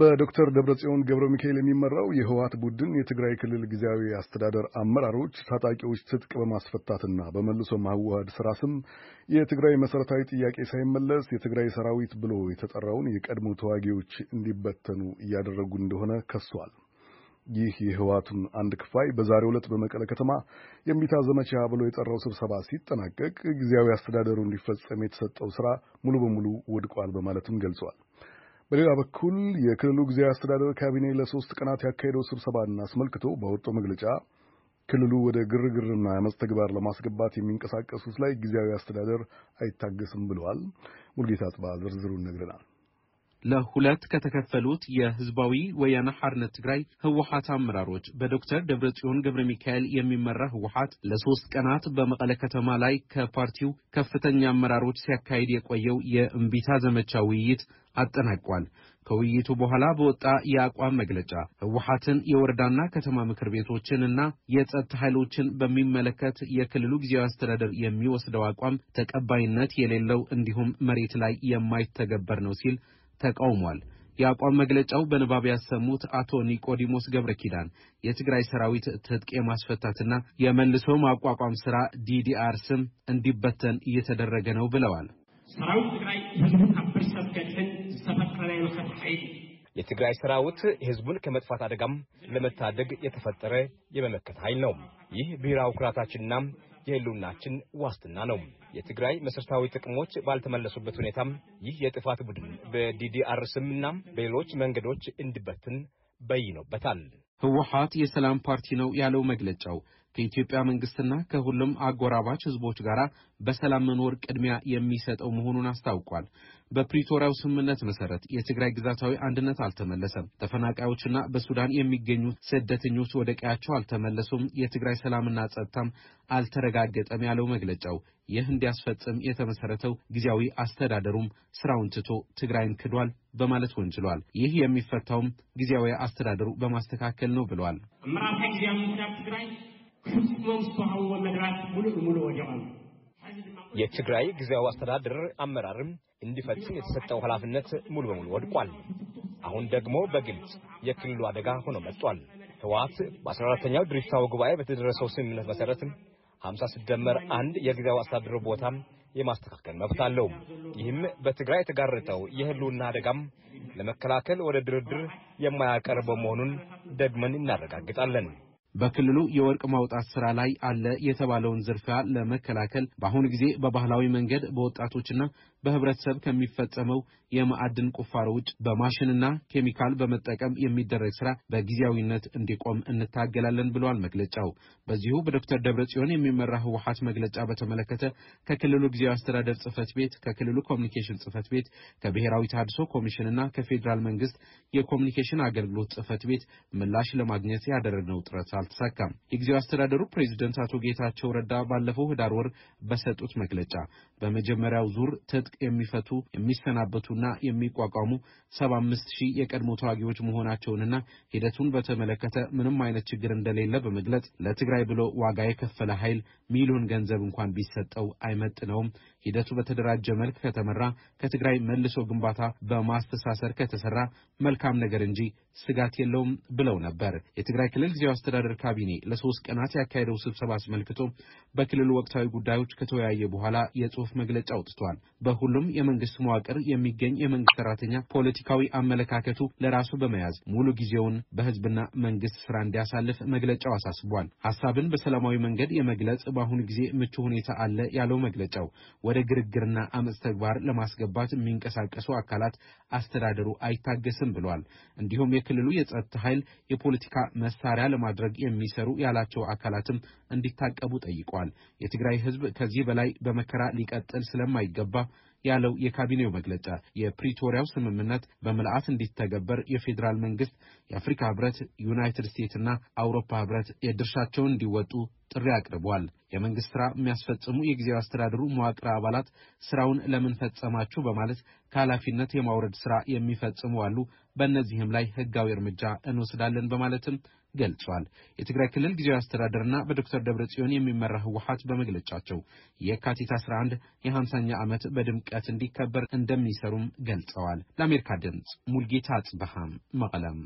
በዶክተር ደብረጽዮን ገብረ ሚካኤል የሚመራው የህወሓት ቡድን የትግራይ ክልል ጊዜያዊ አስተዳደር አመራሮች ታጣቂዎች ትጥቅ በማስፈታትና በመልሶ ማዋሃድ ስራ ስም የትግራይ መሰረታዊ ጥያቄ ሳይመለስ የትግራይ ሰራዊት ብሎ የተጠራውን የቀድሞ ተዋጊዎች እንዲበተኑ እያደረጉ እንደሆነ ከሷል። ይህ የህወሓቱን አንድ ክፋይ በዛሬው ዕለት በመቀለ ከተማ የሚታ ዘመቻ ብሎ የጠራው ስብሰባ ሲጠናቀቅ ጊዜያዊ አስተዳደሩ እንዲፈጸም የተሰጠው ስራ ሙሉ በሙሉ ወድቋል በማለትም ገልጿል። በሌላ በኩል የክልሉ ጊዜያዊ አስተዳደር ካቢኔ ለሶስት ቀናት ያካሄደው ስብሰባን አስመልክቶ በወጣው መግለጫ ክልሉ ወደ ግርግርና አመፅ ተግባር ለማስገባት የሚንቀሳቀሱት ላይ ጊዜያዊ አስተዳደር አይታገስም ብለዋል። ሙልጌታ ጽባ ዝርዝሩን ነግረናል። ለሁለት ከተከፈሉት የህዝባዊ ወያነ ሐርነት ትግራይ ህወሓት አመራሮች በዶክተር ደብረጽዮን ገብረ ሚካኤል የሚመራ ህወሓት ለሶስት ቀናት በመቀለ ከተማ ላይ ከፓርቲው ከፍተኛ አመራሮች ሲያካሂድ የቆየው የእምቢታ ዘመቻ ውይይት አጠናቋል። ከውይይቱ በኋላ በወጣ የአቋም መግለጫ ህወሓትን የወረዳና ከተማ ምክር ቤቶችን እና የጸጥታ ኃይሎችን በሚመለከት የክልሉ ጊዜያዊ አስተዳደር የሚወስደው አቋም ተቀባይነት የሌለው እንዲሁም መሬት ላይ የማይተገበር ነው ሲል ተቃውሟል። የአቋም መግለጫው በንባብ ያሰሙት አቶ ኒቆዲሞስ ገብረ ኪዳን የትግራይ ሰራዊት ትጥቅ የማስፈታትና የመልሶ ማቋቋም ስራ ዲዲአር ስም እንዲበተን እየተደረገ ነው ብለዋል። ሰራዊት ትግራይ ህዝቡን ካብ ብርሰብ ዝተፈጠረ ዝተፈጠረናይ ሓይል የትግራይ ሰራዊት ህዝቡን ከመጥፋት አደጋም ለመታደግ የተፈጠረ የመመከት ኃይል ነው። ይህ ብሔራዊ ኩራታችንና የህልውናችን ዋስትና ነው። የትግራይ መሰረታዊ ጥቅሞች ባልተመለሱበት ሁኔታም ይህ የጥፋት ቡድን በዲዲአር ስምና በሌሎች መንገዶች እንዲበትን በይኖበታል። ህወሀት የሰላም ፓርቲ ነው ያለው መግለጫው ከኢትዮጵያ መንግስትና ከሁሉም አጎራባች ህዝቦች ጋር በሰላም መኖር ቅድሚያ የሚሰጠው መሆኑን አስታውቋል። በፕሪቶሪያው ስምምነት መሰረት የትግራይ ግዛታዊ አንድነት አልተመለሰም። ተፈናቃዮችና በሱዳን የሚገኙ ስደተኞች ወደ ቀያቸው አልተመለሱም። የትግራይ ሰላምና ጸጥታም አልተረጋገጠም ያለው መግለጫው ይህ እንዲያስፈጽም የተመሰረተው ጊዜያዊ አስተዳደሩም ስራውን ትቶ ትግራይን ክዷል በማለት ወንጅሏል። ይህ የሚፈታውም ጊዜያዊ አስተዳደሩ በማስተካከል ነው ብሏል። የትግራይ ጊዜያዊ አስተዳደር አመራርም እንዲፈጽም የተሰጠው ኃላፊነት ሙሉ በሙሉ ወድቋል። አሁን ደግሞ በግልጽ የክልሉ አደጋ ሆኖ መጥቷል። ህወሓት በ14ኛው ድርጅታዊ ጉባኤ በተደረሰው ስምምነት መሰረት 50 ሲደመር አንድ የጊዜያዊ አስተዳደር ቦታም የማስተካከል መብት አለው። ይህም በትግራይ የተጋረጠው የህልውና አደጋም ለመከላከል ወደ ድርድር የማያቀርበው መሆኑን ደግመን እናረጋግጣለን። በክልሉ የወርቅ ማውጣት ስራ ላይ አለ የተባለውን ዝርፊያ ለመከላከል በአሁኑ ጊዜ በባህላዊ መንገድ በወጣቶችና በህብረተሰብ ከሚፈጸመው የማዕድን ቁፋሮ ውጭ በማሽንና ኬሚካል በመጠቀም የሚደረግ ስራ በጊዜያዊነት እንዲቆም እንታገላለን ብለዋል መግለጫው። በዚሁ በዶክተር ደብረ ጽዮን የሚመራ ህወሀት መግለጫ በተመለከተ ከክልሉ ጊዜያዊ አስተዳደር ጽህፈት ቤት፣ ከክልሉ ኮሚኒኬሽን ጽህፈት ቤት፣ ከብሔራዊ ታድሶ ኮሚሽንና ከፌዴራል መንግስት የኮሚኒኬሽን አገልግሎት ጽህፈት ቤት ምላሽ ለማግኘት ያደረግነው ጥረት አልተሳካም። የጊዜያዊ አስተዳደሩ ፕሬዚደንት አቶ ጌታቸው ረዳ ባለፈው ህዳር ወር በሰጡት መግለጫ በመጀመሪያው ዙር ትጥቅ የሚፈቱ የሚሰናበቱና የሚቋቋሙ ሰባ አምስት ሺህ የቀድሞ ተዋጊዎች መሆናቸውንና ሂደቱን በተመለከተ ምንም አይነት ችግር እንደሌለ በመግለጽ ለትግራይ ብሎ ዋጋ የከፈለ ኃይል ሚሊዮን ገንዘብ እንኳን ቢሰጠው አይመጥነውም። ሂደቱ በተደራጀ መልክ ከተመራ ከትግራይ መልሶ ግንባታ በማስተሳሰር ከተሰራ መልካም ነገር እንጂ ስጋት የለውም ብለው ነበር። የትግራይ ክልል ጊዜያዊ አስተዳደር ካቢኔ ለሶስት ቀናት ያካሄደው ስብሰባ አስመልክቶ በክልሉ ወቅታዊ ጉዳዮች ከተወያየ በኋላ የጽሑፍ መግለጫ አውጥቷል። በሁሉም የመንግስት መዋቅር የሚገኝ የመንግስት ሰራተኛ ፖለቲካዊ አመለካከቱ ለራሱ በመያዝ ሙሉ ጊዜውን በህዝብና መንግስት ስራ እንዲያሳልፍ መግለጫው አሳስቧል። ሀሳብን በሰላማዊ መንገድ የመግለጽ በአሁኑ ጊዜ ምቹ ሁኔታ አለ ያለው መግለጫው ወደ ግርግርና አመፅ ተግባር ለማስገባት የሚንቀሳቀሱ አካላት አስተዳደሩ አይታገስም ብሏል። እንዲሁም የክልሉ የጸጥታ ኃይል የፖለቲካ መሳሪያ ለማድረግ የሚሰሩ ያላቸው አካላትም እንዲታቀቡ ጠይቋል። የትግራይ ህዝብ ከዚህ በላይ በመከራ ሊቀጥል ስለማይገባ ያለው የካቢኔው መግለጫ የፕሪቶሪያው ስምምነት በምልአት እንዲተገበር የፌዴራል መንግስት፣ የአፍሪካ ህብረት፣ ዩናይትድ እና አውሮፓ ህብረት የድርሻቸውን እንዲወጡ ጥሪ አቅርቧል። የመንግስት ስራ የሚያስፈጽሙ የጊዜያዊ አስተዳደሩ መዋቅር አባላት ስራውን ለምን ፈጸማችሁ በማለት ከኃላፊነት የማውረድ ስራ የሚፈጽሙ አሉ። በእነዚህም ላይ ህጋዊ እርምጃ እንወስዳለን በማለትም ገልጿል። የትግራይ ክልል ጊዜያዊ አስተዳደርና በዶክተር ደብረ ጽዮን የሚመራ ህወሀት በመግለጫቸው የካቲት 11 የ50ኛ ዓመት በድምቀት እንዲከበር እንደሚሰሩም ገልጸዋል። ለአሜሪካ ድምፅ ሙልጌታ አጽበሃም መቀለም